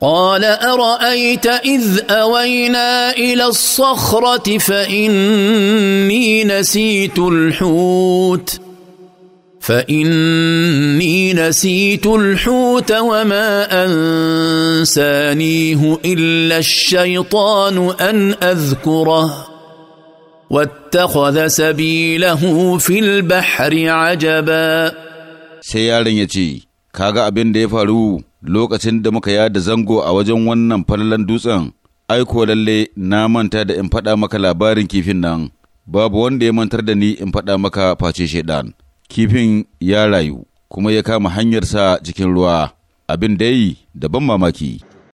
قال ارايت اذ اوينا الى الصخره فاني نسيت الحوت فاني نسيت الحوت وما انسانيه الا الشيطان ان اذكره واتخذ سبيله في البحر عجبا سيارن كاغا بن ديفارو lokacin da muka yada zango a wajen wannan falalan dutsen, ai aiko lalle na manta da in faɗa maka labarin kifin nan, babu wanda ya mantar da ni in faɗa maka face shaidan. Kifin ya rayu, kuma ya kama hanyarsa cikin ruwa, abin dai da ban mamaki.